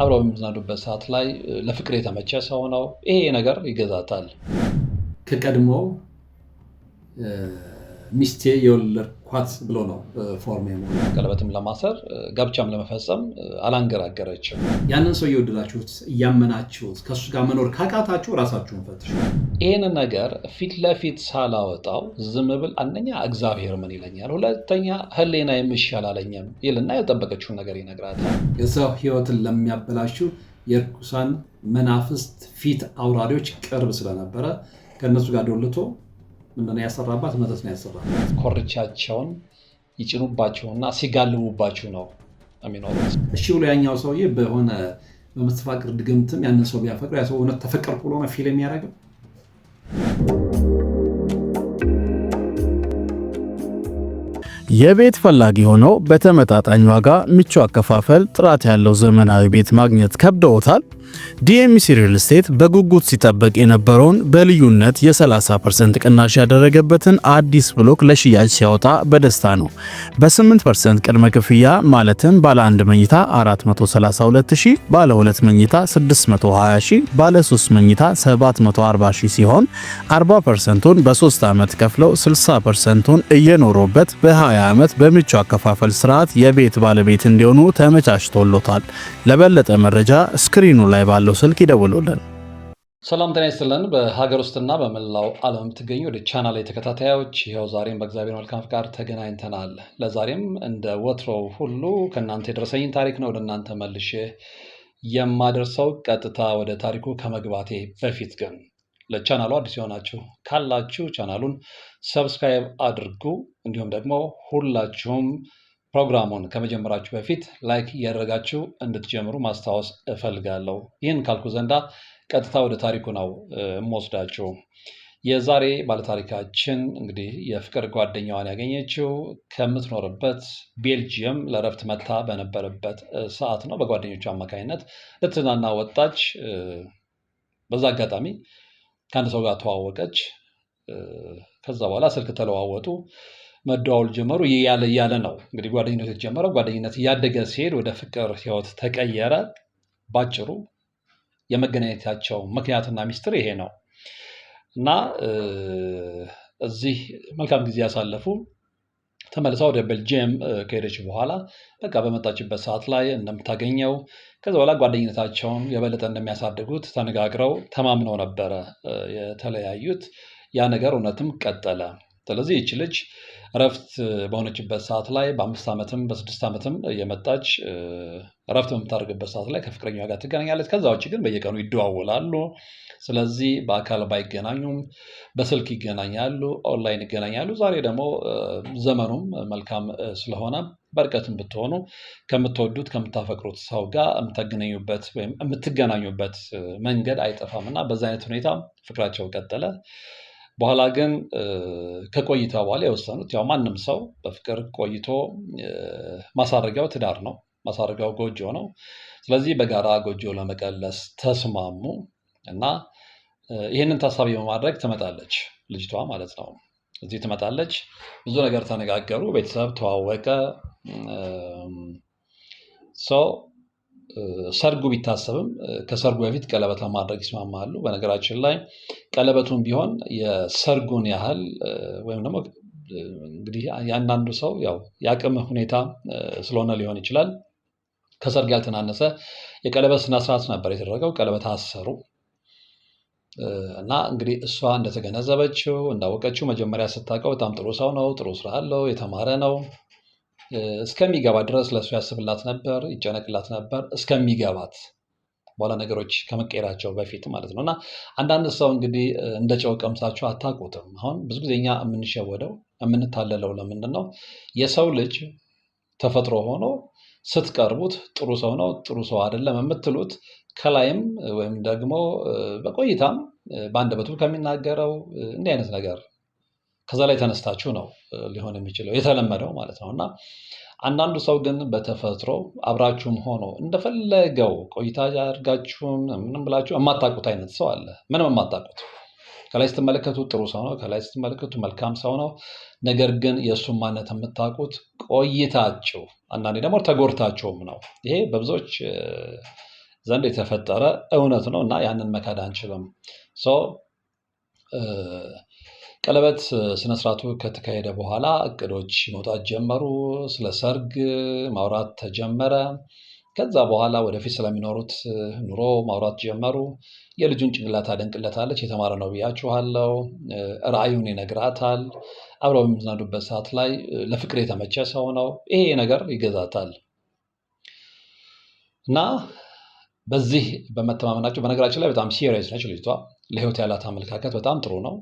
አብረው በሚዝናዱበት ሰዓት ላይ ለፍቅር የተመቸ ሰው ነው። ይሄ ነገር ይገዛታል። ከቀድሞ ሚስቴ የወለድ ኳት ብሎ ነው ፎርም ቀለበትም ለማሰር ጋብቻም ለመፈጸም አላንገራገረችም። ያንን ሰው እየወደዳችሁት እያመናችሁት ከሱ ጋር መኖር ካቃታችሁ ራሳችሁን ፈትሹ። ይህን ነገር ፊት ለፊት ሳላወጣው ዝም ብል አንደኛ እግዚአብሔር ምን ይለኛል፣ ሁለተኛ ሕሊና የምሻላለኝም ይልና የጠበቀችውን ነገር ይነግራታል። የሰው ህይወትን ለሚያበላሹ የርኩሳን መናፍስት ፊት አውራሪዎች ቅርብ ስለነበረ ከእነሱ ጋር ዶልቶ ምንድነው ያሰራባት? መተት ነው ያሰራባት። ኮርቻቸውን ይጭኑባቸውና ሲጋልቡባቸው ነው የሚኖሩት። እሺ ብሎ ያኛው ሰውዬ በሆነ በመስተፋቅር ድግምትም ያንን ሰው ቢያፈቅር ያ ሰው እውነት ተፈቀርኩ ብሎ ነው ፊል የሚያደርገው። የቤት ፈላጊ ሆኖ በተመጣጣኝ ዋጋ ምቹ አከፋፈል፣ ጥራት ያለው ዘመናዊ ቤት ማግኘት ከብደውታል? ዲኤምሲ ሪል ስቴት በጉጉት ሲጠበቅ የነበረውን በልዩነት የ30% ቅናሽ ያደረገበትን አዲስ ብሎክ ለሽያጭ ሲያወጣ በደስታ ነው። በ8% ቅድመ ክፍያ ማለትም ባለ 1 መኝታ 432000፣ ባለ 2 መኝታ 620000፣ ባለ 3 መኝታ 740000 ሲሆን 40%ን በ3 ዓመት ከፍለው 60%ን እየኖሩበት በ20 ዓመት በምቹ አከፋፈል ስርዓት የቤት ባለቤት እንዲሆኑ ተመቻችቶሎታል። ለበለጠ መረጃ ስክሪኑ ላይ ላይ ባለው ስልክ ይደውሉልን። ሰላም ጤና ይስጥልን። በሀገር ውስጥና በመላው ዓለም የምትገኙ ወደ ቻናል ተከታታዮች ይኸው ዛሬም በእግዚአብሔር መልካም ፍቃድ ተገናኝተናል። ለዛሬም እንደ ወትሮው ሁሉ ከእናንተ የደረሰኝን ታሪክ ነው ወደ እናንተ መልሼ የማደርሰው። ቀጥታ ወደ ታሪኩ ከመግባቴ በፊት ግን ለቻናሉ አዲስ የሆናችሁ ካላችሁ ቻናሉን ሰብስክራይብ አድርጉ። እንዲሁም ደግሞ ሁላችሁም ፕሮግራሙን ከመጀመራችሁ በፊት ላይክ እያደረጋችሁ እንድትጀምሩ ማስታወስ እፈልጋለሁ። ይህን ካልኩ ዘንዳ ቀጥታ ወደ ታሪኩ ነው እምወስዳችሁ። የዛሬ ባለታሪካችን እንግዲህ የፍቅር ጓደኛዋን ያገኘችው ከምትኖርበት ቤልጅየም ለረፍት መታ በነበረበት ሰዓት ነው። በጓደኞቹ አማካኝነት ልትዝናና ወጣች። በዛ አጋጣሚ ከአንድ ሰው ጋር ተዋወቀች። ከዛ በኋላ ስልክ ተለዋወጡ። መደዋወል ጀመሩ። እያለ እያለ ነው እንግዲህ ጓደኝነት የተጀመረ ጓደኝነት እያደገ ሲሄድ ወደ ፍቅር ህይወት ተቀየረ። ባጭሩ የመገናኘታቸው ምክንያትና ሚስጥር ይሄ ነው እና እዚህ መልካም ጊዜ ያሳለፉ። ተመልሳ ወደ ቤልጅየም ከሄደች በኋላ በቃ በመጣችበት ሰዓት ላይ እንደምታገኘው ከዚ በኋላ ጓደኝነታቸውን የበለጠ እንደሚያሳድጉት ተነጋግረው ተማምነው ነበረ የተለያዩት። ያ ነገር እውነትም ቀጠለ። ስለዚህ ይች ልጅ እረፍት በሆነችበት ሰዓት ላይ በአምስት ዓመትም በስድስት ዓመትም የመጣች እረፍት በምታደርግበት ሰዓት ላይ ከፍቅረኛ ጋር ትገናኛለች። ከዛ ውጭ ግን በየቀኑ ይደዋወላሉ። ስለዚህ በአካል ባይገናኙም በስልክ ይገናኛሉ፣ ኦንላይን ይገናኛሉ። ዛሬ ደግሞ ዘመኑም መልካም ስለሆነ በርቀትም ብትሆኑ ከምትወዱት ከምታፈቅሩት ሰው ጋር የምታገናኙበት ወይም የምትገናኙበት መንገድ አይጠፋም እና በዛ አይነት ሁኔታ ፍቅራቸው ቀጠለ። በኋላ ግን ከቆይታ በኋላ የወሰኑት ያው ማንም ሰው በፍቅር ቆይቶ ማሳረጊያው ትዳር ነው፣ ማሳረጊያው ጎጆ ነው። ስለዚህ በጋራ ጎጆ ለመቀለስ ተስማሙ እና ይህንን ታሳቢ በማድረግ ትመጣለች ልጅቷ ማለት ነው። እዚህ ትመጣለች። ብዙ ነገር ተነጋገሩ፣ ቤተሰብ ተዋወቀ ሰው ሰርጉ ቢታሰብም ከሰርጉ በፊት ቀለበት ለማድረግ ይስማማሉ። በነገራችን ላይ ቀለበቱን ቢሆን የሰርጉን ያህል ወይም ደግሞ እንግዲህ የአንዳንዱ ሰው ያው የአቅም ሁኔታ ስለሆነ ሊሆን ይችላል ከሰርግ ያልተናነሰ የቀለበት ስነስርዓት ነበር የተደረገው። ቀለበት አሰሩ እና እንግዲህ እሷ እንደተገነዘበችው እንዳወቀችው መጀመሪያ ስታውቀው በጣም ጥሩ ሰው ነው፣ ጥሩ ስራ አለው፣ የተማረ ነው እስከሚገባ ድረስ ለእሱ ያስብላት ነበር፣ ይጨነቅላት ነበር እስከሚገባት በኋላ ነገሮች ከመቀየራቸው በፊት ማለት ነው። እና አንዳንድ ሰው እንግዲህ እንደ ጨው ቀምሳችሁ አታውቁትም። አሁን ብዙ ጊዜ እኛ የምንሸወደው የምንታለለው ለምንድን ነው? የሰው ልጅ ተፈጥሮ ሆኖ ስትቀርቡት ጥሩ ሰው ነው፣ ጥሩ ሰው አይደለም የምትሉት ከላይም ወይም ደግሞ በቆይታም በአንደበቱ ከሚናገረው እንዲህ አይነት ነገር ከዛ ላይ ተነስታችሁ ነው ሊሆን የሚችለው የተለመደው ማለት ነው። እና አንዳንዱ ሰው ግን በተፈጥሮ አብራችሁም ሆኖ እንደፈለገው ቆይታ ያድርጋችሁም ምንም ብላችሁ የማታቁት አይነት ሰው አለ። ምንም የማታቁት ከላይ ስትመለከቱ ጥሩ ሰው ነው፣ ከላይ ስትመለከቱ መልካም ሰው ነው። ነገር ግን የእሱን ማነት የምታውቁት ቆይታችሁ፣ አንዳንዴ ደግሞ ተጎድታችሁም ነው። ይሄ በብዙዎች ዘንድ የተፈጠረ እውነት ነው እና ያንን መካድ አንችልም። ቀለበት ስነስርዓቱ ከተካሄደ በኋላ እቅዶች መውጣት ጀመሩ። ስለ ሰርግ ማውራት ተጀመረ። ከዛ በኋላ ወደፊት ስለሚኖሩት ኑሮ ማውራት ጀመሩ። የልጁን ጭንቅላት አደንቅለታለች። የተማረ ነው ብያችኋለሁ። ራዕዩን ይነግራታል። አብረው የሚዝናዱበት ሰዓት ላይ ለፍቅር የተመቸ ሰው ነው። ይሄ ነገር ይገዛታል እና በዚህ በመተማመናቸው በነገራችን ላይ በጣም ሲሪየስ ነች ልጅቷ። ለህይወት ያላት አመለካከት በጣም ጥሩ ነው።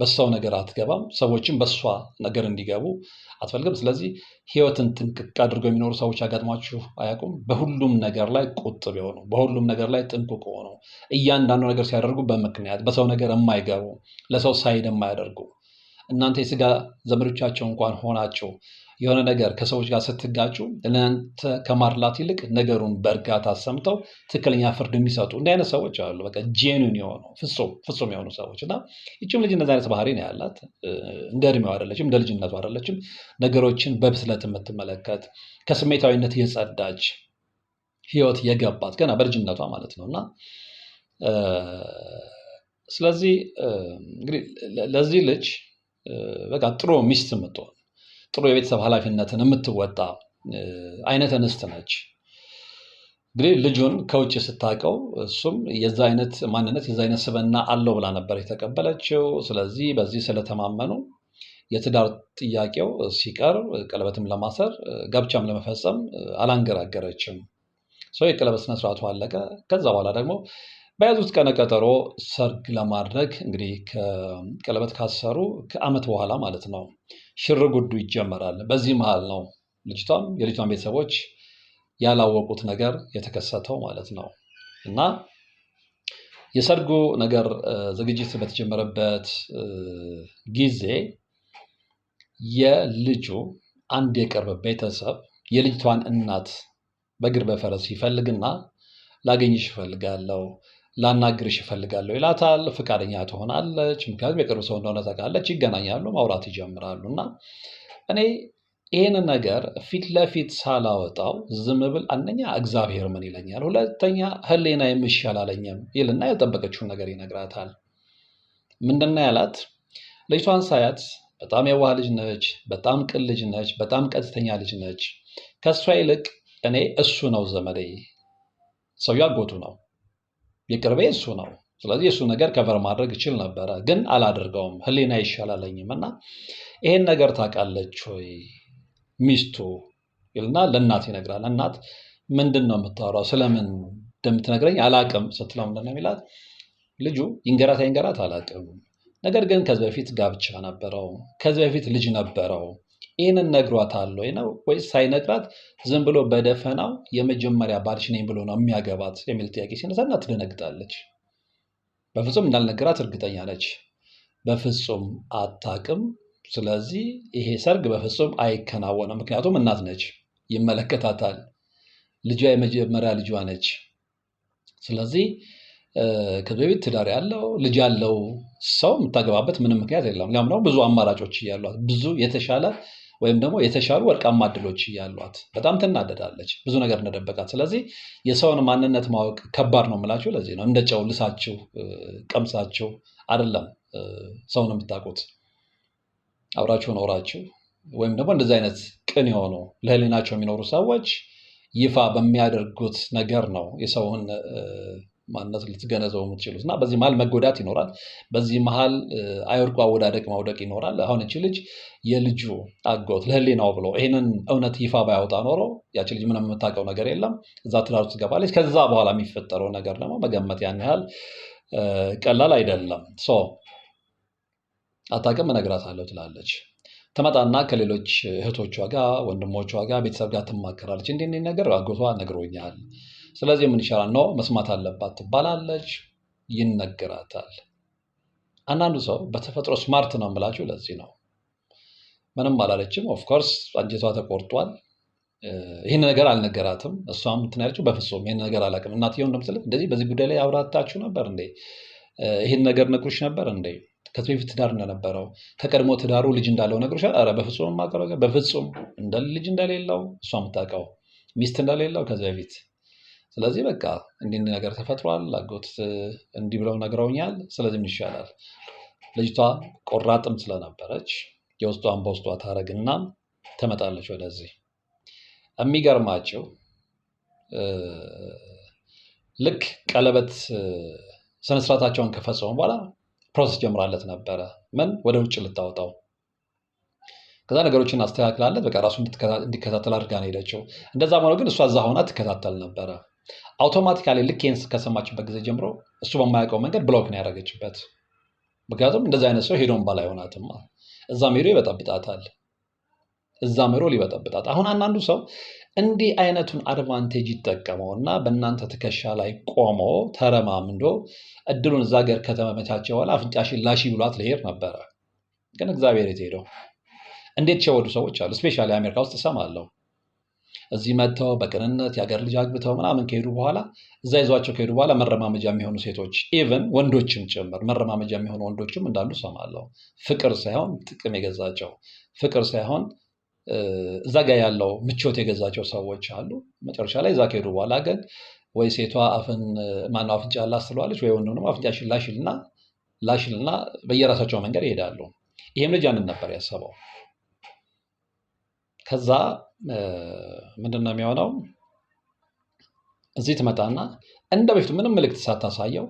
በሷው ነገር አትገባም። ሰዎችም በሷ ነገር እንዲገቡ አትፈልግም። ስለዚህ ህይወትን ጥንቅቅ አድርገው የሚኖሩ ሰዎች አጋጥሟችሁ አያውቁም? በሁሉም ነገር ላይ ቁጥብ የሆኑ በሁሉም ነገር ላይ ጥንቁቅ የሆኑ እያንዳንዱ ነገር ሲያደርጉ በምክንያት በሰው ነገር የማይገቡ ለሰው ሳይድ የማያደርጉ እናንተ የስጋ ዘመዶቻቸው እንኳን ሆናችሁ የሆነ ነገር ከሰዎች ጋር ስትጋጩ ለእናንተ ከማድላት ይልቅ ነገሩን በእርጋታ ሰምተው ትክክለኛ ፍርድ የሚሰጡ እንዲህ አይነት ሰዎች አሉ። በቃ ጄኑን የሆኑ ፍጹም የሆኑ ሰዎች እና ይችም ልጅ እንደዚህ አይነት ባህሪ ነው ያላት። እንደ እድሜው አይደለችም፣ እንደ ልጅነቱ አይደለችም። ነገሮችን በብስለት የምትመለከት ከስሜታዊነት የጸዳች ህይወት የገባት ገና በልጅነቷ ማለት ነው እና ስለዚህ እንግዲህ ለዚህ ልጅ በቃ ጥሩ ሚስት የምትሆን ጥሩ የቤተሰብ ኃላፊነትን የምትወጣ አይነት እንስት ነች። እንግዲህ ልጁን ከውጭ ስታውቀው እሱም የዛ አይነት ማንነት የዛ አይነት ስብዕና አለው ብላ ነበር የተቀበለችው። ስለዚህ በዚህ ስለተማመኑ የትዳር ጥያቄው ሲቀር ቀለበትም ለማሰር ጋብቻም ለመፈጸም አላንገራገረችም። ሰው የቀለበት ስነስርዓቱ አለቀ። ከዛ በኋላ ደግሞ በያዙት ቀነ ቀጠሮ ሰርግ ለማድረግ እንግዲህ ቀለበት ካሰሩ ከዓመት በኋላ ማለት ነው ሽር ጉዱ ይጀመራል። በዚህ መሀል ነው ልጅቷም የልጅቷን ቤተሰቦች ያላወቁት ነገር የተከሰተው ማለት ነው እና የሰርጉ ነገር ዝግጅት በተጀመረበት ጊዜ የልጁ አንድ የቅርብ ቤተሰብ የልጅቷን እናት በእግር በፈረስ ይፈልግና ላገኝሽ እፈልጋለሁ ላናግርሽ ይፈልጋለሁ ይላታል። ፍቃደኛ ትሆናለች፣ ምክንያቱም የቅርብ ሰው እንደሆነ ታውቃለች። ይገናኛሉ፣ ማውራት ይጀምራሉ እና እኔ ይህን ነገር ፊት ለፊት ሳላወጣው ዝም ብል አንደኛ እግዚአብሔር ምን ይለኛል፣ ሁለተኛ ሕሊና የምሻላለኝም ይልና የጠበቀችውን ነገር ይነግራታል። ምንድና ያላት ልጅቷን ሳያት በጣም የዋህ ልጅ ነች፣ በጣም ቅን ልጅ ነች፣ በጣም ቀጥተኛ ልጅ ነች። ከእሷ ይልቅ እኔ እሱ ነው ዘመዴ፣ ሰውዬው አጎቱ ነው የቅርቤ እሱ ነው። ስለዚህ እሱ ነገር ከቨር ማድረግ እችል ነበረ፣ ግን አላደርገውም። ህሊና ይሻላለኝም እና ይሄን ነገር ታውቃለች ወይ ሚስቱ ይልና ለእናት ይነግራል። እናት ምንድን ነው የምታወራው? ስለምን እንደምትነግረኝ አላቅም ስትለው ምንድን ነው የሚላት? ልጁ ይንገራት አይንገራት አላቅም፣ ነገር ግን ከዚህ በፊት ጋብቻ ነበረው፣ ከዚህ በፊት ልጅ ነበረው ይህንን ነግሯታል ወይ ነው ወይስ ሳይነግራት ዝም ብሎ በደፈናው የመጀመሪያ ባልሽ ነኝ ብሎ ነው የሚያገባት የሚል ጥያቄ ሲነሳ እና ትደነግጣለች። በፍጹም እንዳልነገራት እርግጠኛ ነች። በፍጹም አታቅም ስለዚህ ይሄ ሰርግ በፍጹም አይከናወንም። ምክንያቱም እናት ነች፣ ይመለከታታል። ልጇ የመጀመሪያ ልጇ ነች። ስለዚህ ከዚህ በፊት ትዳር ያለው ልጅ ያለው ሰው የምታገባበት ምንም ምክንያት የለም። ሊያም ደግሞ ብዙ አማራጮች እያሏት ብዙ የተሻለ ወይም ደግሞ የተሻሉ ወርቃማ እድሎች እያሏት በጣም ትናደዳለች። ብዙ ነገር እንደደበቃት። ስለዚህ የሰውን ማንነት ማወቅ ከባድ ነው የምላችሁ ለዚህ ነው። እንደ ጨው ልሳችሁ ቀምሳችሁ አይደለም ሰውን የምታውቁት አብራችሁ ኖራችሁ ወይም ደግሞ እንደዚህ አይነት ቅን የሆኑ ለህሊናቸው የሚኖሩ ሰዎች ይፋ በሚያደርጉት ነገር ነው የሰውን ማነት ልትገነዘው የምትችሉት እና በዚህ መሀል መጎዳት ይኖራል። በዚህ መሀል አይወርቁ አወዳደቅ ማውደቅ ይኖራል። አሁን እቺ ልጅ የልጁ አጎት ለህሊናው ብሎ ይህንን እውነት ይፋ ባያወጣ ኖሮ ያቺ ልጅ ምንም የምታውቀው ነገር የለም። እዛ ትዳሩ ትገባለች። ከዛ በኋላ የሚፈጠረው ነገር ደግሞ መገመት ያን ያህል ቀላል አይደለም። አታውቅም፣ እነግራታለሁ ትላለች። ትመጣና ከሌሎች እህቶቿ ጋር፣ ወንድሞቿ ጋር፣ ቤተሰብ ጋር ትማከራለች። እንዲህ ነገር አጎቷ ነግሮኛል ስለዚህ ምን ይሻላል ነው መስማት አለባት ትባላለች፣ ይነገራታል። አንዳንዱ ሰው በተፈጥሮ ስማርት ነው የምላችሁ ለዚህ ነው። ምንም አላለችም። ኦፍኮርስ አንጀቷ ተቆርጧል። ይህን ነገር አልነገራትም። እሷም እንትን ያለችው በፍጹም ይህን ነገር አላውቅም። እናትየው እንደምትል እንደዚህ በዚህ ጉዳይ ላይ አብራታችሁ ነበር እንዴ? ይህን ነገር ነግሮች ነበር እንዴ? ከዚህ በፊት ትዳር እንደነበረው ከቀድሞ ትዳሩ ልጅ እንዳለው ነግሮሻል? ኧረ በፍጹም በፍጹም እንደ ልጅ እንደሌለው እሷ የምታውቀው ሚስት እንደሌለው ከዚህ በፊት ስለዚህ በቃ እንዲህ ነገር ተፈጥሯል፣ አጎት እንዲህ ብለው ነግረውኛል፣ ስለዚህ ምን ይሻላል? ልጅቷ ቆራጥም ስለነበረች የውስጧን በውስጧ ታረግና ትመጣለች ወደዚህ። የሚገርማቸው ልክ ቀለበት ስነስርዓታቸውን ከፈጸሙ በኋላ ፕሮሰስ ጀምራለት ነበረ። ምን ወደ ውጭ ልታወጣው ከዛ ነገሮችን አስተካክላለት በቃ ራሱ እንዲከታተል አድርጋ ነው ሄደችው። እንደዛ ሆኖ ግን እሷ እዛ ሆና ትከታተል ነበረ። አውቶማቲካሊ ልክ ይህን ከሰማችበት ጊዜ ጀምሮ እሱ በማያውቀው መንገድ ብሎክ ነው ያደረገችበት። ምክንያቱም እንደዚህ አይነት ሰው ሄዶን ባላ ይሆናትማ እዛ ሄዶ ይበጠብጣታል፣ እዛ ምሮ ሊበጠብጣት። አሁን አንዳንዱ ሰው እንዲህ አይነቱን አድቫንቴጅ ይጠቀመው እና በእናንተ ትከሻ ላይ ቆሞ ተረማምዶ እድሉን እዛ ገር ከተመቻቸ በኋላ አፍንጫሽ ላሺ ብሏት ልሄድ ነበረ። ግን እግዚአብሔር የት ሄደው? እንዴት ሸወዱ ሰዎች አሉ። ስፔሻሊ አሜሪካ ውስጥ እሰማለሁ እዚህ መጥተው በቅንነት የአገር ልጅ አግብተው ምናምን ከሄዱ በኋላ እዛ ይዟቸው ከሄዱ በኋላ መረማመጃ የሚሆኑ ሴቶች ኢቨን ወንዶችም ጭምር መረማመጃ የሚሆኑ ወንዶችም እንዳሉ ሰማለሁ። ፍቅር ሳይሆን ጥቅም የገዛቸው ፍቅር ሳይሆን እዛ ጋ ያለው ምቾት የገዛቸው ሰዎች አሉ። መጨረሻ ላይ እዛ ከሄዱ በኋላ ግን ወይ ሴቷ አፍን ማነው አፍንጫ ላስ ትለዋለች፣ ወይ ወንድ ደግሞ አፍንጫ ላሽልና ላሽልና በየራሳቸው መንገድ ይሄዳሉ። ይሄም ልጅ ያንን ነበር ያሰበው። ከዛ ምንድነው የሚሆነው? እዚህ ትመጣና እንደ በፊቱ ምንም ምልክት ሳታሳየው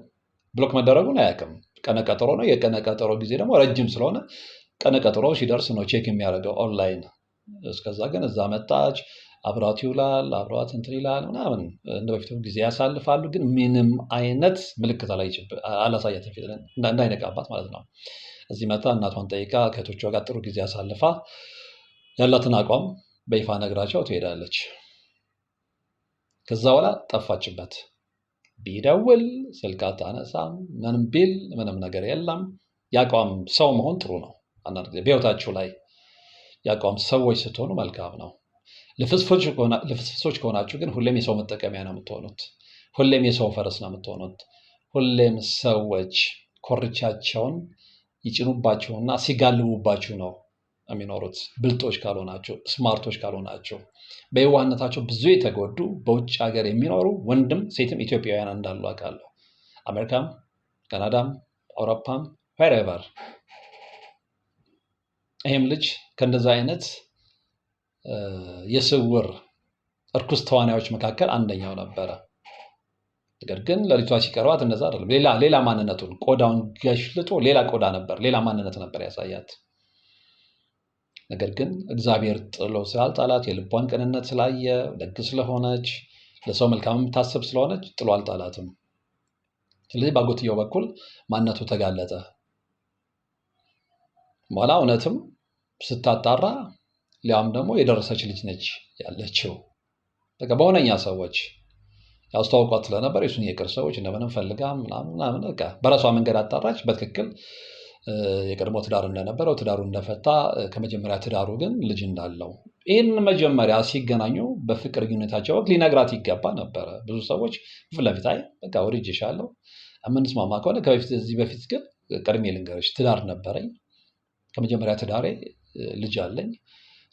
ብሎክ መደረጉን አያውቅም። ቀነቀጠሮ ነው። የቀነቀጠሮ ጊዜ ደግሞ ረጅም ስለሆነ ቀነቀጠሮ ሲደርስ ነው ቼክ የሚያደርገው ኦንላይን። እስከዛ ግን እዛ መጣች፣ አብሯት ይውላል፣ አብሯት እንትን ይላል ምናምን፣ እንደ በፊቱ ጊዜ ያሳልፋሉ። ግን ምንም አይነት ምልክት አላሳያትም፣ ፊት እንዳይነቃባት ማለት ነው። እዚህ መጣ እናቷን ጠይቃ ከእህቶቿ ጋር ጥሩ ጊዜ አሳልፋ ያላትን አቋም በይፋ ነግራቸው ትሄዳለች። ከዛ በኋላ ጠፋችበት። ቢደውል ስልክ አታነሳም። ምንም ቢል ምንም ነገር የለም። የአቋም ሰው መሆን ጥሩ ነው። አንዳንድ ጊዜ በህይወታችሁ ላይ የአቋም ሰዎች ስትሆኑ መልካም ነው። ልፍስፍሶች ከሆናችሁ ግን ሁሌም የሰው መጠቀሚያ ነው የምትሆኑት። ሁሌም የሰው ፈረስ ነው የምትሆኑት። ሁሌም ሰዎች ኮርቻቸውን ይጭኑባችሁና ሲጋልቡባችሁ ነው የሚኖሩት ብልጦች ካልሆናቸው፣ ስማርቶች ካልሆናቸው፣ በየዋህነታቸው ብዙ የተጎዱ በውጭ ሀገር የሚኖሩ ወንድም ሴትም ኢትዮጵያውያን እንዳሉ አውቃለሁ። አሜሪካም፣ ካናዳም፣ አውሮፓም ቨር ይህም ልጅ ከእንደዛ አይነት የስውር እርኩስ ተዋናዮች መካከል አንደኛው ነበረ። ነገር ግን ለልጇ ሲቀርባት እንደዛ አይደለም፣ ሌላ ማንነቱን ቆዳውን ገሽልጦ ሌላ ቆዳ ነበር፣ ሌላ ማንነት ነበር ያሳያት። ነገር ግን እግዚአብሔር ጥሎ ስላልጣላት የልቧን ቅንነት ስላየ ደግ ስለሆነች ለሰው መልካም የምታስብ ስለሆነች ጥሎ አልጣላትም። ስለዚህ በአጎትየው በኩል ማነቱ ተጋለጠ። በኋላ እውነትም ስታጣራ ሊያም ደግሞ የደረሰች ልጅ ነች ያለችው። በቃ በሆነኛ ሰዎች ያስተዋውቋት ስለነበር የሱን የቅር ሰዎች እንደምንም ፈልጋ ምናምን በቃ በራሷ መንገድ አጣራች በትክክል የቀድሞ ትዳር እንደነበረው ትዳሩ እንደፈታ ከመጀመሪያ ትዳሩ ግን ልጅ እንዳለው ይህን መጀመሪያ ሲገናኙ በፍቅር ግንኙነታቸው ወቅት ሊነግራት ይገባ ነበረ። ብዙ ሰዎች ፊት ለፊት አይ በቃ ወድጄሻለሁ የምንስማማ ከሆነ ከዚህ በፊት ግን ቀድሜ ልንገርሽ ትዳር ነበረኝ፣ ከመጀመሪያ ትዳሬ ልጅ አለኝ።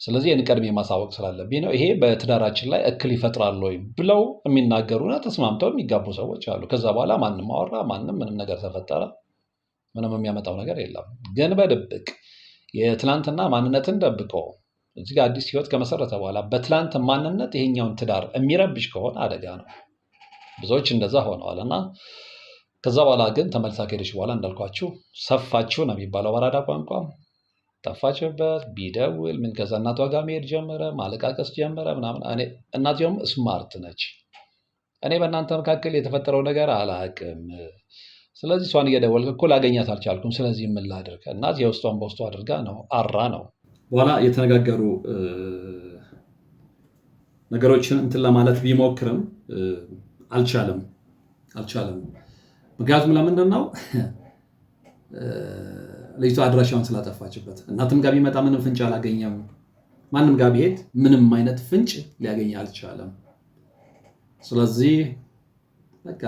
ስለዚህ ይህን ቀድሜ ማሳወቅ ስላለብኝ ነው። ይሄ በትዳራችን ላይ እክል ይፈጥራል ወይ ብለው የሚናገሩና ተስማምተው የሚጋቡ ሰዎች አሉ። ከዛ በኋላ ማንም አወራ፣ ማንም ምንም ነገር ተፈጠረ ምንም የሚያመጣው ነገር የለም። ግን በድብቅ የትላንትና ማንነትን ደብቆ እዚህ ጋር አዲስ ህይወት ከመሰረተ በኋላ በትላንት ማንነት ይሄኛውን ትዳር የሚረብሽ ከሆነ አደጋ ነው። ብዙዎች እንደዛ ሆነዋል እና ከዛ በኋላ ግን ተመልሳ ከሄደች በኋላ እንዳልኳችሁ ሰፋችሁ ነው የሚባለው በአራዳ ቋንቋ። ጠፋችበት ቢደውል ምን ከዛ እናቷ ጋር መሄድ ጀመረ፣ ማለቃቀስ ጀመረ ምናምን። እናትየውም ስማርት ነች። እኔ በእናንተ መካከል የተፈጠረው ነገር አላቅም ስለዚህ እሷን እየደወልክ እኮ ላገኛት አልቻልኩም፣ ስለዚህ ምን ላድርግ? እና የውስጧን በውስጡ አድርጋ ነው አራ ነው። በኋላ የተነጋገሩ ነገሮችን እንትን ለማለት ቢሞክርም አልቻለም አልቻለም። ምክንያቱም ለምንድን ነው ልጅቷ አድራሻውን ስላጠፋችበት። እናትም ጋር ቢመጣ ምንም ፍንጭ አላገኘም። ማንም ጋር ቢሄድ ምንም አይነት ፍንጭ ሊያገኝ አልቻለም። ስለዚህ በቃ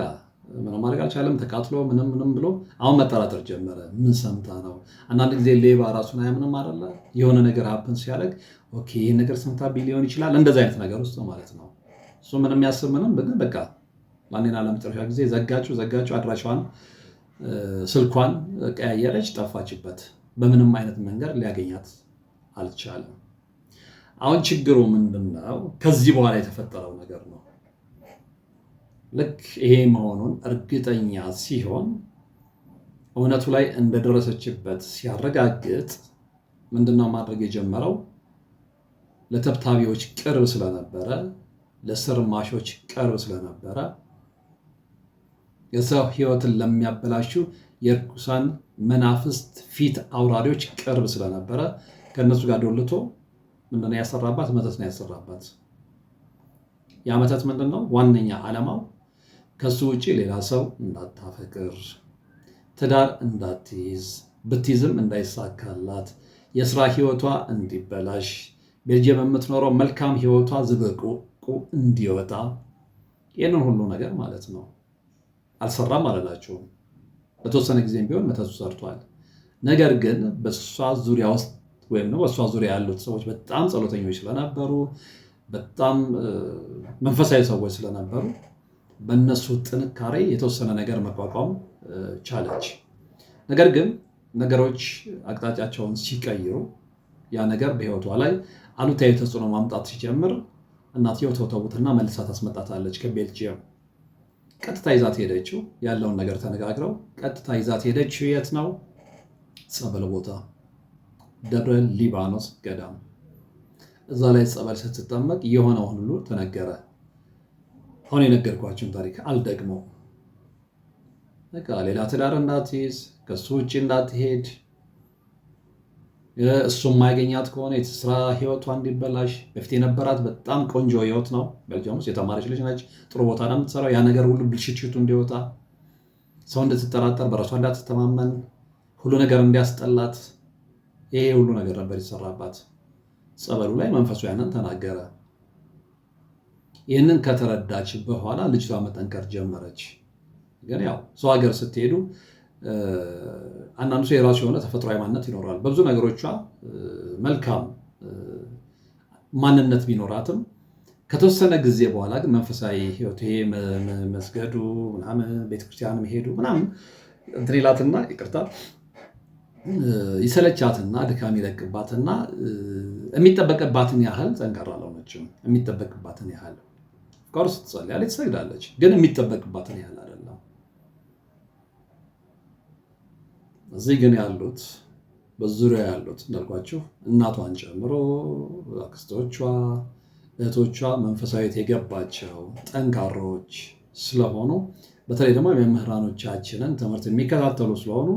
ምንም ማድረግ አልቻለም። ተቃጥሎ ምንም ምንም ብሎ አሁን መጠራጠር ጀመረ። ምን ሰምታ ነው? አንዳንድ ጊዜ ሌባ ራሱን አያምንም አይደለ? የሆነ ነገር ሀፕን ሲያደርግ ኦኬ ይህ ነገር ሰምታ ቢሊዮን ይችላል እንደዚ አይነት ነገር ውስጥ ማለት ነው። እሱ ምንም ያስብ ምንም ግን በቃ ለአንዴና ለመጨረሻ ጊዜ ዘጋችሁ ዘጋችሁ። አድራሻዋን ስልኳን ቀያየረች፣ ጠፋችበት። በምንም አይነት መንገድ ሊያገኛት አልቻለም። አሁን ችግሩ ምንድነው? ከዚህ በኋላ የተፈጠረው ነገር ነው ልክ ይሄ መሆኑን እርግጠኛ ሲሆን እውነቱ ላይ እንደደረሰችበት ሲያረጋግጥ ምንድነው ማድረግ የጀመረው? ለተብታቢዎች ቅርብ ስለነበረ፣ ለስርማሾች ቅርብ ስለነበረ የሰው ህይወትን ለሚያበላሹ የርኩሳን መናፍስት ፊት አውራሪዎች ቅርብ ስለነበረ ከእነሱ ጋር ዶልቶ ምንድነው ያሰራባት? መተት ነው ያሰራባት። ያ መተት ምንድነው ዋነኛ ዓላማው? ከሱ ውጭ ሌላ ሰው እንዳታፈቅር፣ ትዳር እንዳትይዝ፣ ብትይዝም እንዳይሳካላት፣ የስራ ህይወቷ እንዲበላሽ፣ ቤልጅየም የምትኖረው መልካም ህይወቷ ዝብርቅርቁ እንዲወጣ፣ ይህንን ሁሉ ነገር ማለት ነው። አልሰራም አላላችሁም። በተወሰነ ጊዜም ቢሆን መተቱ ሰርቷል። ነገር ግን በእሷ ዙሪያ ውስጥ ወይም በእሷ ዙሪያ ያሉት ሰዎች በጣም ጸሎተኞች ስለነበሩ፣ በጣም መንፈሳዊ ሰዎች ስለነበሩ በእነሱ ጥንካሬ የተወሰነ ነገር መቋቋም ቻለች። ነገር ግን ነገሮች አቅጣጫቸውን ሲቀይሩ ያ ነገር በህይወቷ ላይ አሉታዊ ተጽዕኖ ማምጣት ሲጀምር እናትየው ተውተውትና መልሳ ታስመጣታለች ከቤልጅየም ቀጥታ ይዛት ሄደችው። ያለውን ነገር ተነጋግረው ቀጥታ ይዛት ሄደችው። የት ነው? ጸበል ቦታ ደብረ ሊባኖስ ገዳም። እዛ ላይ ጸበል ስትጠመቅ የሆነውን ሁሉ ተነገረ። አሁን የነገርኳችሁን ታሪክ አልደግመው። በቃ ሌላ ትዳር እንዳትይዝ፣ ከሱ ውጭ እንዳትሄድ፣ እሱ ማይገኛት ከሆነ የስራ ህይወቷ እንዲበላሽ። በፊት የነበራት በጣም ቆንጆ ህይወት ነው። ቤልጅየም ውስጥ የተማረች ልጅ ነች። ጥሩ ቦታ ነው የምትሰራው። ያ ነገር ሁሉ ብልሽችቱ እንዲወጣ፣ ሰው እንድትጠራጠር፣ በራሷ እንዳትተማመን፣ ሁሉ ነገር እንዲያስጠላት፣ ይሄ ሁሉ ነገር ነበር የተሰራባት። ጸበሉ ላይ መንፈሱ ያንን ተናገረ። ይህንን ከተረዳች በኋላ ልጅቷ መጠንቀር ጀመረች። ግን ያው ሰው ሀገር ስትሄዱ አንዳንዱ ሰው የራሱ የሆነ ተፈጥሯዊ ማንነት ይኖራል። በብዙ ነገሮቿ መልካም ማንነት ቢኖራትም ከተወሰነ ጊዜ በኋላ ግን መንፈሳዊ ህይወት ይሄ መስገዱ ምናምን ቤተክርስቲያን መሄዱ ምናምን እንትን ይላትና ይቅርታ ይሰለቻትና ድካም ይለቅባትና የሚጠበቅባትን ያህል ጠንካራ አልሆነችም። የሚጠበቅባትን ያህል ቃሉ ስትጸልያለች ትሰግዳለች፣ ግን የሚጠበቅባትን ያህል አይደለም። እዚህ ግን ያሉት በዙሪያ ያሉት እንዳልኳችሁ እናቷን ጨምሮ አክስቶቿ፣ እህቶቿ መንፈሳዊት የገባቸው ጠንካሮች ስለሆኑ በተለይ ደግሞ የመምህራኖቻችንን ትምህርት የሚከታተሉ ስለሆኑ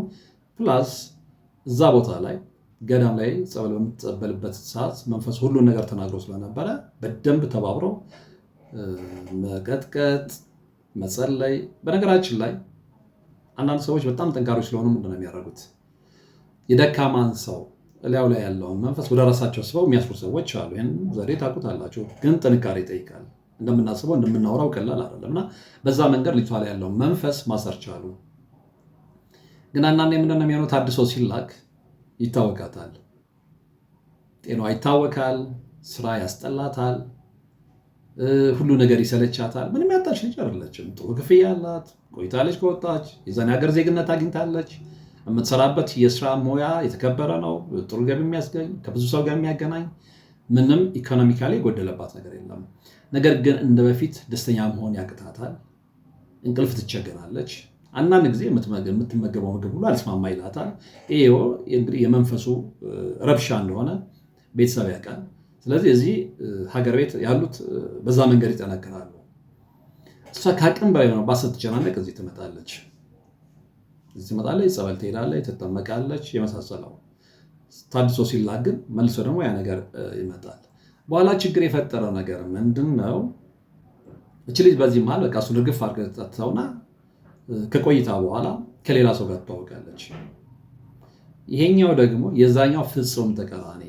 ፕላስ እዛ ቦታ ላይ ገዳም ላይ ጸበል በምትጸበልበት ሰዓት መንፈስ ሁሉን ነገር ተናግሮ ስለነበረ በደንብ ተባብረው መቀጥቀጥ፣ መጸለይ። በነገራችን ላይ አንዳንድ ሰዎች በጣም ጠንካሮች ስለሆኑ ምንድን ነው የሚያደርጉት? የደካማን ሰው እላዩ ላይ ያለውን መንፈስ ወደ ራሳቸው ስበው የሚያስሩ ሰዎች አሉ። ይህን ዘዴ ታውቁታላችሁ። ግን ጥንካሬ ይጠይቃል። እንደምናስበው እንደምናወራው ቀላል አይደለም እና በዛ መንገድ ልጅቷ ላይ ያለውን መንፈስ ማሰር ቻሉ። ግን አንዳንድ ምንድን ነው የሚሆነው? ታድሶ ሲላክ ይታወቃታል። ጤናዋ ይታወቃል። ስራ ያስጠላታል። ሁሉ ነገር ይሰለቻታል። ምንም ያጣች ልጅ አይደለችም። ጥሩ ክፍያ አላት። ቆይታለች ከወጣች የዛን ሀገር ዜግነት አግኝታለች። የምትሰራበት የስራ ሙያ የተከበረ ነው። ጥሩ ገቢ የሚያስገኝ ከብዙ ሰው ጋር የሚያገናኝ ምንም ኢኮኖሚካሊ የጎደለባት ነገር የለም። ነገር ግን እንደ በፊት ደስተኛ መሆን ያቅታታል። እንቅልፍ ትቸገራለች። አንዳንድ ጊዜ የምትመገበው ምግብ ሁሉ አልስማማ ይላታል። ይሄ እንግዲህ የመንፈሱ ረብሻ እንደሆነ ቤተሰብ ያውቃል። ስለዚህ እዚህ ሀገር ቤት ያሉት በዛ መንገድ ይጠናከራሉ። እሷ ከአቅም በላይ ባሰት ስትጨናነቅ እዚህ ትመጣለች እዚህ ትመጣለች፣ ጸበል ትሄዳለች፣ ትጠመቃለች፣ የመሳሰለው ታድሶ ሲላክ ግን መልሶ ደግሞ ያ ነገር ይመጣል። በኋላ ችግር የፈጠረው ነገር ምንድን ነው? እች ልጅ በዚህ መሀል በቃ እሱን እርግፍ አድርገታውና ከቆይታ በኋላ ከሌላ ሰው ጋር ትተዋወቃለች። ይሄኛው ደግሞ የዛኛው ፍጹም ተቃራኒ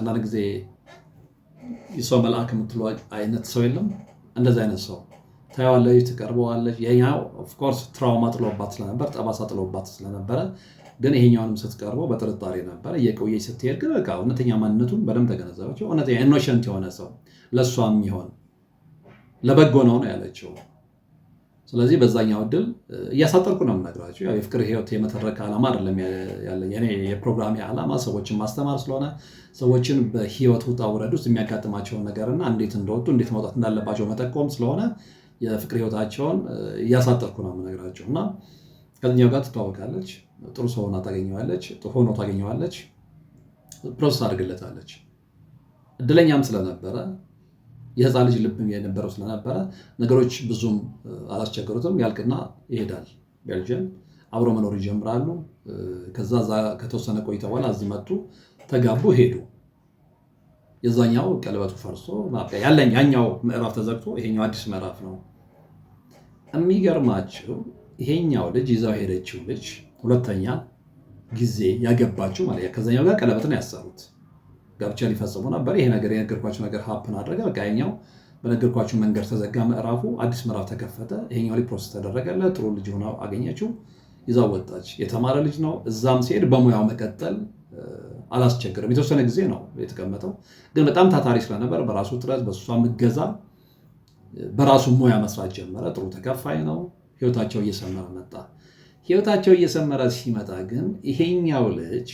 አንዳንድ ጊዜ የሰው መልአክ የምትሉ አይነት ሰው የለም። እንደዚህ አይነት ሰው ታየዋለች፣ ትቀርበዋለች። ይኸኛው ኦፍኮርስ ትራውማ ጥሎባት ስለነበር ጠባሳ ጥሎባት ስለነበረ ግን ይሄኛውንም ስትቀርበው በጥርጣሬ ነበረ እየቆየች ስትሄድ ግን በቃ እውነተኛ ማንነቱን በደንብ ተገነዘበችው። እውነተኛ ኢኖሸንት የሆነ ሰው ለእሷም ይሆን ለበጎ ነው ነው ያለችው። ስለዚህ በዛኛው እድል እያሳጠርኩ ነው የምነግራቸው። ያው የፍቅር ህይወት የመተረክ ዓላማ አይደለም ያለኝ። እኔ የፕሮግራም ዓላማ ሰዎችን ማስተማር ስለሆነ ሰዎችን በህይወት ውጣ ውረድ ውስጥ የሚያጋጥማቸውን ነገርና እንዴት እንደወጡ እንዴት መውጣት እንዳለባቸው መጠቆም ስለሆነ የፍቅር ህይወታቸውን እያሳጠርኩ ነው የምነግራቸው እና ከዚኛው ጋር ትተዋወቃለች። ጥሩ ሰው ሆና ታገኘዋለች። ሆኖ ታገኘዋለች። ፕሮሰስ አድርግለታለች። እድለኛም ስለነበረ የህፃን ልጅ ልብ የነበረው ስለነበረ ነገሮች ብዙም አላስቸገሩትም። ያልቅና ይሄዳል። ቤልጅየም አብሮ መኖር ይጀምራሉ። ከዛ ከተወሰነ ቆይተ በኋላ እዚህ መጡ፣ ተጋቡ፣ ሄዱ። የዛኛው ቀለበቱ ፈርሶ ያለኝ ያኛው ምዕራፍ ተዘግቶ ይሄኛው አዲስ ምዕራፍ ነው። የሚገርማቸው ይሄኛው ልጅ ይዛው ሄደችው ልጅ ሁለተኛ ጊዜ ያገባችው ማለት ከዛኛው ጋር ቀለበትን ያሰሩት ጋብቻ ሊፈጽሙ ነበር። ይሄ ነገር የነገርኳቸው ነገር ሀፕን አድረገ። በቃ በነገርኳቸው መንገድ ተዘጋ ምዕራፉ፣ አዲስ ምዕራፍ ተከፈተ። ይሄኛው ላይ ፕሮሰስ ተደረገለ፣ ጥሩ ልጅ ሆና አገኘችው፣ ይዛ ወጣች። የተማረ ልጅ ነው። እዛም ሲሄድ በሙያው መቀጠል አላስቸግርም። የተወሰነ ጊዜ ነው የተቀመጠው፣ ግን በጣም ታታሪ ስለነበር በራሱ ጥረት በእሷ ምገዛ በራሱ ሙያ መስራት ጀመረ። ጥሩ ተከፋይ ነው። ህይወታቸው እየሰመረ መጣ። ህይወታቸው እየሰመረ ሲመጣ ግን ይሄኛው ልጅ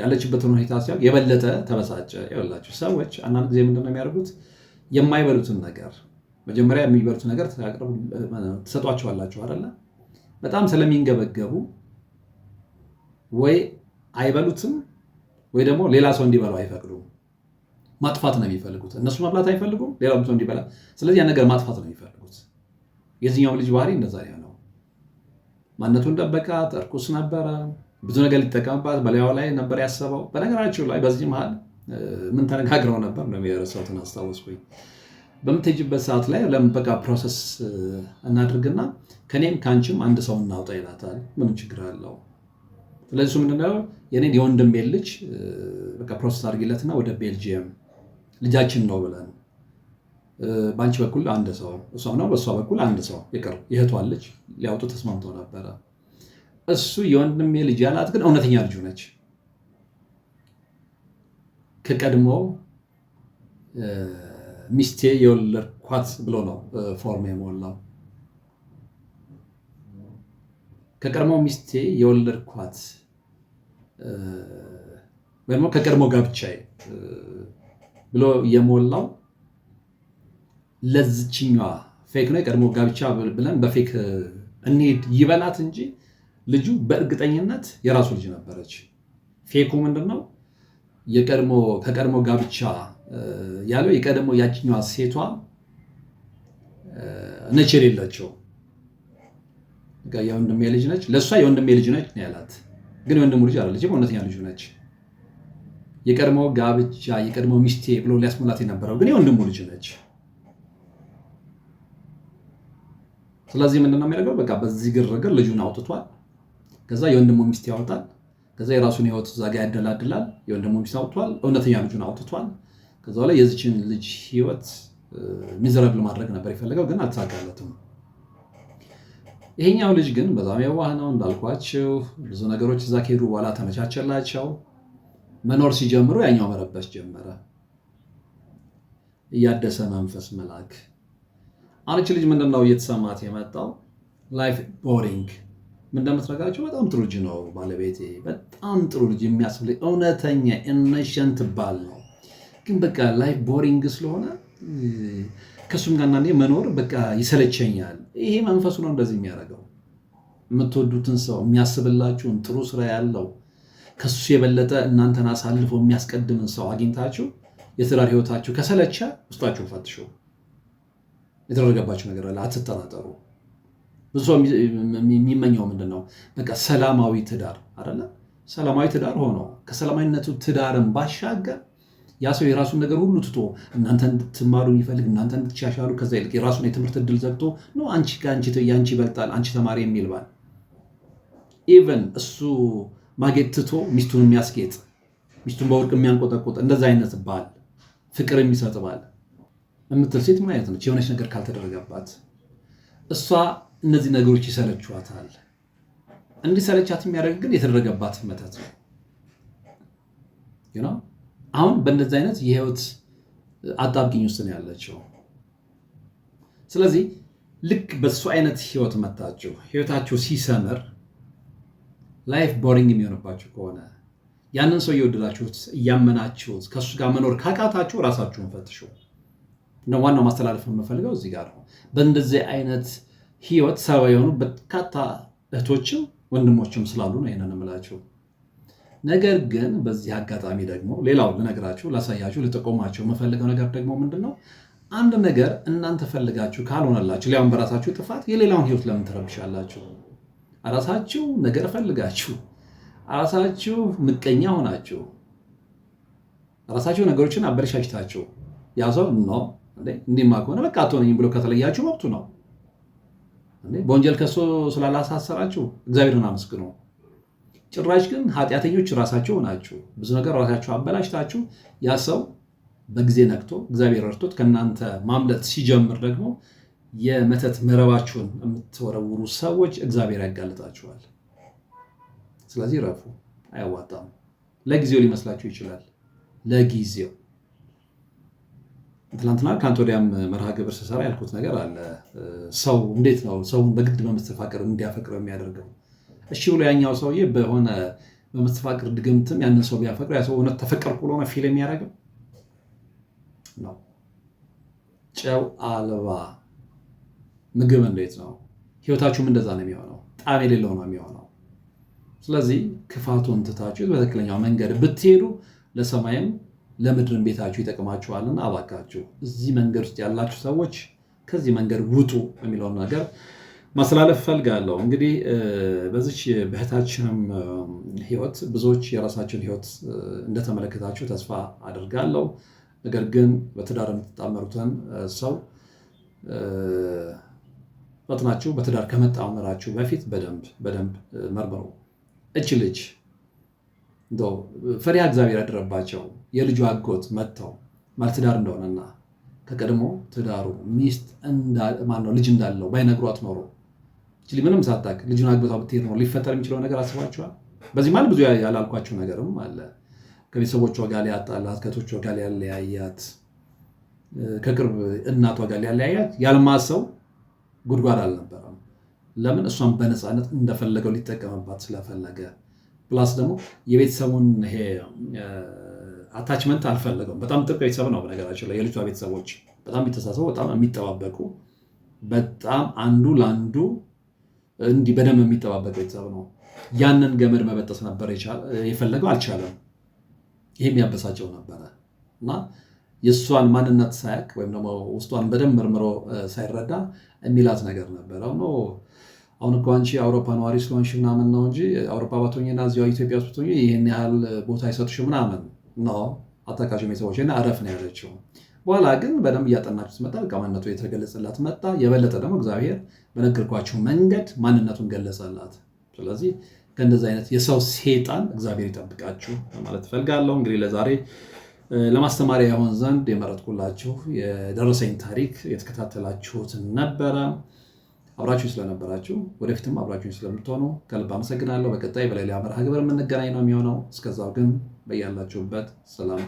ያለችበትን ሁኔታ ሲያው የበለጠ ተበሳጨ። ይኸውላችሁ ሰዎች አንዳንድ ጊዜ ምንድነው የሚያደርጉት? የማይበሉትን ነገር መጀመሪያ የሚበሉት ነገር ትሰጧቸዋላችሁ አይደለ? በጣም ስለሚንገበገቡ ወይ አይበሉትም ወይ ደግሞ ሌላ ሰው እንዲበላው አይፈቅዱም። ማጥፋት ነው የሚፈልጉት። እነሱ መብላት አይፈልጉም፣ ሌላ ሰው እንዲበላ። ስለዚህ ያ ነገር ማጥፋት ነው የሚፈልጉት። የዚህኛውም ልጅ ባህሪ እንደዛ ነው። ማንነቱን ጠበቃት እርኩስ ነበረ። ብዙ ነገር ሊጠቀምባት በላዩ ላይ ነበር ያሰበው። በነገራችሁ ላይ በዚህ መሀል ምን ተነጋግረው ነበር ነው የረሳሁትን አስታወስኩኝ። በምትሄጂበት ሰዓት ላይ በቃ ፕሮሰስ እናድርግና ከኔም ከአንቺም አንድ ሰው እናውጣ ይላታል። ምን ችግር አለው። ስለዚህ እሱ ምንድን የኔን የወንድሜ ልጅ በቃ ፕሮሰስ አድርጊለትና ወደ ቤልጅየም ልጃችን ነው ብለን በአንቺ በኩል አንድ ሰው እሷም ነው በእሷ በኩል አንድ ሰው ይቅር የእህቷን ልጅ ሊያውጡ ተስማምተው ነበረ። እሱ የወንድሜ ልጅ ያላት ግን እውነተኛ ልጁ ነች። ከቀድሞ ሚስቴ የወለድኳት ብሎ ነው ፎርም የሞላው። ከቀድሞ ሚስቴ የወለድኳት ወይም ከቀድሞ ጋብቻዬ ብሎ የሞላው ለዝችኛዋ ፌክ ነው። የቀድሞ ጋብቻ ብለን በፌክ እንሂድ ይበላት እንጂ ልጁ በእርግጠኝነት የራሱ ልጅ ነበረች። ፌኩ ምንድን ነው ከቀድሞ ጋብቻ ያለው የቀድሞ ያችኛዋ ሴቷ ነች የሌላቸው የወንድሜ ልጅ ነች፣ ለእሷ የወንድሜ ልጅ ነች ያላት። ግን የወንድሙ ልጅ አይደለችም፣ እውነተኛ ልጁ ነች። የቀድሞ ጋብቻ የቀድሞ ሚስቴ ብሎ ሊያስሞላት የነበረው ግን የወንድሙ ልጅ ነች። ስለዚህ ምንድነው የሚያደርገው? በቃ በዚህ ግርግር ልጁን አውጥቷል። ከዛ የወንድሙ ሚስት ያወጣል። ከዛ የራሱን ህይወት ጋ ያደላድላል። የወንድሙ ሚስት አውጥቷል፣ እውነተኛ ልጁን አውጥቷል። ከዛ ላይ የዚችን ልጅ ህይወት ሚዘረብል ማድረግ ነበር የፈለገው፣ ግን አልተሳካለትም። ይሄኛው ልጅ ግን በጣም የዋህ ነው እንዳልኳቸው፣ ብዙ ነገሮች እዛ ከሄዱ በኋላ ተመቻቸላቸው። መኖር ሲጀምሩ ያኛው መረበስ ጀመረ። እያደሰ መንፈስ መልአክ። አንቺ ልጅ ምንድነው እየተሰማት የመጣው ላይፍ ቦሪንግ እንደምትረጋቸው በጣም ጥሩ ልጅ ነው ባለቤቴ፣ በጣም ጥሩ ልጅ የሚያስብል እውነተኛ እነሸንት ትባል ነው። ግን በቃ ላይፍ ቦሪንግ ስለሆነ ከእሱም ጋር እናንዴ መኖር በቃ ይሰለቸኛል። ይሄ መንፈሱ ነው እንደዚህ የሚያደርገው። የምትወዱትን ሰው የሚያስብላችሁን ጥሩ ስራ ያለው ከሱ የበለጠ እናንተን አሳልፎ የሚያስቀድምን ሰው አግኝታችሁ የትዳር ህይወታችሁ ከሰለቸ ውስጣችሁን ፈትሾ የተደረገባችሁ ነገር አለ፣ አትጠራጠሩ። ብዙ የሚመኘው ምንድን ነው? በቃ ሰላማዊ ትዳር አይደለ? ሰላማዊ ትዳር ሆኖ ከሰላማዊነቱ ትዳርን ባሻገር ያ ሰው የራሱን ነገር ሁሉ ትቶ እናንተ እንድትማሩ የሚፈልግ እናንተ እንድትሻሻሉ ከዛ ይልቅ የራሱን የትምህርት እድል ዘግቶ ነው አንቺ የአንቺ ይበልጣል አንቺ ተማሪ የሚል ባል ኢቨን እሱ ማጌጥ ትቶ ሚስቱን የሚያስጌጥ ሚስቱን በወርቅ የሚያንቆጠቁጥ እንደዛ አይነት ባል ፍቅር የሚሰጥ ባል የምትል ሴት ማየት ነች። የሆነች ነገር ካልተደረገባት እሷ እነዚህ ነገሮች ይሰለችዋታል። እንዲሰለቻት የሚያደርግ ግን የተደረገባት መተት ነው። አሁን በእንደዚህ አይነት የህይወት አጣብቂኝ ውስጥ ነው ያለችው። ስለዚህ ልክ በሱ አይነት ህይወት መታችሁ ህይወታችሁ ሲሰምር ላይፍ ቦሪንግ የሚሆንባችሁ ከሆነ ያንን ሰው እየወደዳችሁት እያመናችሁት ከእሱ ጋር መኖር ካቃታችሁ ራሳችሁን ፈትሹ። ዋናው ማስተላለፍ የምፈልገው እዚህ ጋር ነው። በእንደዚህ አይነት ህይወት ሰባ የሆኑ በርካታ እህቶችም ወንድሞችም ስላሉ ነው ይህንን የምላችሁ። ነገር ግን በዚህ አጋጣሚ ደግሞ ሌላው ልነግራችሁ፣ ላሳያችሁ፣ ልጠቆማችሁ የምፈልገው ነገር ደግሞ ምንድን ነው? አንድ ነገር እናንተ ፈልጋችሁ ካልሆነላችሁ ሊያውም በራሳችሁ ጥፋት የሌላውን ህይወት ለምን ትረብሻላችሁ? ራሳችሁ ነገር ፈልጋችሁ ራሳችሁ ምቀኛ ሆናችሁ ራሳችሁ ነገሮችን አበለሻሽታችሁ ያ ሰው ኖ እንዲማ ከሆነ በቃ አትሆነኝም ብሎ ከተለያችሁ መብቱ ነው በወንጀል ከሶ ስላላሳሰራችሁ እግዚአብሔርን አመስግኑ። ጭራሽ ግን ኃጢአተኞች ራሳቸው ናችሁ። ብዙ ነገር ራሳቸው አበላሽታችሁ ያ ሰው በጊዜ ነቅቶ እግዚአብሔር እርቶት ከእናንተ ማምለጥ ሲጀምር ደግሞ የመተት መረባችሁን የምትወረውሩ ሰዎች እግዚአብሔር ያጋልጣችኋል። ስለዚህ ረፉ፣ አያዋጣም። ለጊዜው ሊመስላችሁ ይችላል። ለጊዜው ትላንትና ከአንተ ወዲያም መርሃ ግብር ስሰራ ያልኩት ነገር አለ። ሰው እንዴት ነው ሰውን በግድ በመስተፋቅር እንዲያፈቅረው የሚያደርገው? እሺ ብሎ ያኛው ሰውዬ በሆነ በመስተፋቅር ድግምትም ያንን ሰው ቢያፈቅረው ያ ሰው እውነት ተፈቀርኩ ብሎ ነው ፊል የሚያደርገው ነው። ጨው አልባ ምግብ እንዴት ነው? ህይወታችሁም እንደዛ ነው የሚሆነው፣ ጣም የሌለው ነው የሚሆነው። ስለዚህ ክፋቱን ትታችሁ በትክክለኛው መንገድ ብትሄዱ ለሰማይም ለምድርን ቤታችሁ ይጠቅማችኋልና አባካችሁ እዚህ መንገድ ውስጥ ያላችሁ ሰዎች ከዚህ መንገድ ውጡ የሚለውን ነገር ማስተላለፍ ፈልጋለሁ እንግዲህ በዚች በእህታችንም ህይወት ብዙዎች የራሳቸውን ህይወት እንደተመለከታችሁ ተስፋ አድርጋለሁ። ነገር ግን በትዳር የምትጣመሩትን ሰው ፈጥናችሁ በትዳር ከመጣመራችሁ በፊት በደንብ በደንብ መርምሩ። እች ልጅ እንደው ፈሪሃ እግዚአብሔር ያደረባቸው የልጁ አጎት መጥተው ባለትዳር እንደሆነና ከቀድሞ ትዳሩ ሚስት ማነው ልጅ እንዳለው ባይነግሯት ኖሮ ችሊ ምንም ሳታክ ልጁን አግብታ ብትሄድ ነው ሊፈጠር የሚችለው ነገር አስባችኋል? በዚህ ማለት ብዙ ያላልኳቸው ነገርም አለ። ከቤተሰቦቿ ጋር ሊያጣላት፣ ከቶቿ ጋር ሊያለያያት፣ ከቅርብ እናቷ ጋር ሊያለያያት ያልማሰው ጉድጓድ አልነበረም። ለምን እሷን በነፃነት እንደፈለገው ሊጠቀምባት ስለፈለገ ፕላስ ደግሞ የቤተሰቡን ይሄ አታችመንት አልፈለገውም። በጣም ጥብቅ ቤተሰብ ነው። በነገራችን ላይ የልጇ ቤተሰቦች በጣም የሚተሳሰቡ፣ በጣም የሚጠባበቁ፣ በጣም አንዱ ለአንዱ እንዲህ በደንብ የሚጠባበቅ ቤተሰብ ነው። ያንን ገመድ መበጠስ ነበር የፈለገው፣ አልቻለም። ይህም ያበሳጨው ነበረ እና የእሷን ማንነት ሳያቅ ወይም ደግሞ ውስጧን በደንብ መርምሮ ሳይረዳ የሚላት ነገር ነበረ። አሁን እኮ አንቺ አውሮፓ ነዋሪ ስለሆንሽ ምናምን ነው እንጂ አውሮፓ ባትሆኝና እዚያው ኢትዮጵያ ውስጥ ብትሆኝ ይህን ያህል ቦታ አይሰጡሽ ምናምን ኖ አታካሽ የሰዎች አረፍ ነው ያለችው። በኋላ ግን በደንብ እያጠናችሁ ስትመጣ በቃ ማንነቱ የተገለጸላት መጣ። የበለጠ ደግሞ እግዚአብሔር በነገርኳቸው መንገድ ማንነቱን ገለጸላት። ስለዚህ ከእንደዚህ አይነት የሰው ሴጣን እግዚአብሔር ይጠብቃችሁ ማለት እፈልጋለሁ። እንግዲህ ለዛሬ ለማስተማሪያ የሆን ዘንድ የመረጥኩላችሁ የደረሰኝ ታሪክ የተከታተላችሁትን ነበረ። አብራችሁኝ ስለነበራችሁ ወደፊትም አብራችሁኝ ስለምትሆኑ ከልብ አመሰግናለሁ። በቀጣይ በሌላ መርሃ ግብር የምንገናኝ ነው የሚሆነው። እስከዛው ግን በያላችሁበት ሰላም